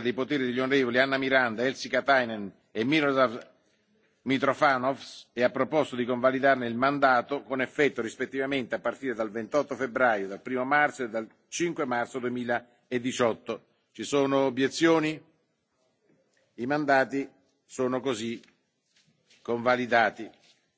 dei poteri degli onorevoli anna miranda elsi katainen e miroslav mitrofanov e ha proposto di convalidarne il mandato con effetto rispettivamente a partire dal ventotto febbraio dal uno marzo e dal cinque marzo. duemiladiciotto ci sono obiezioni? i mandati sono così convalidati.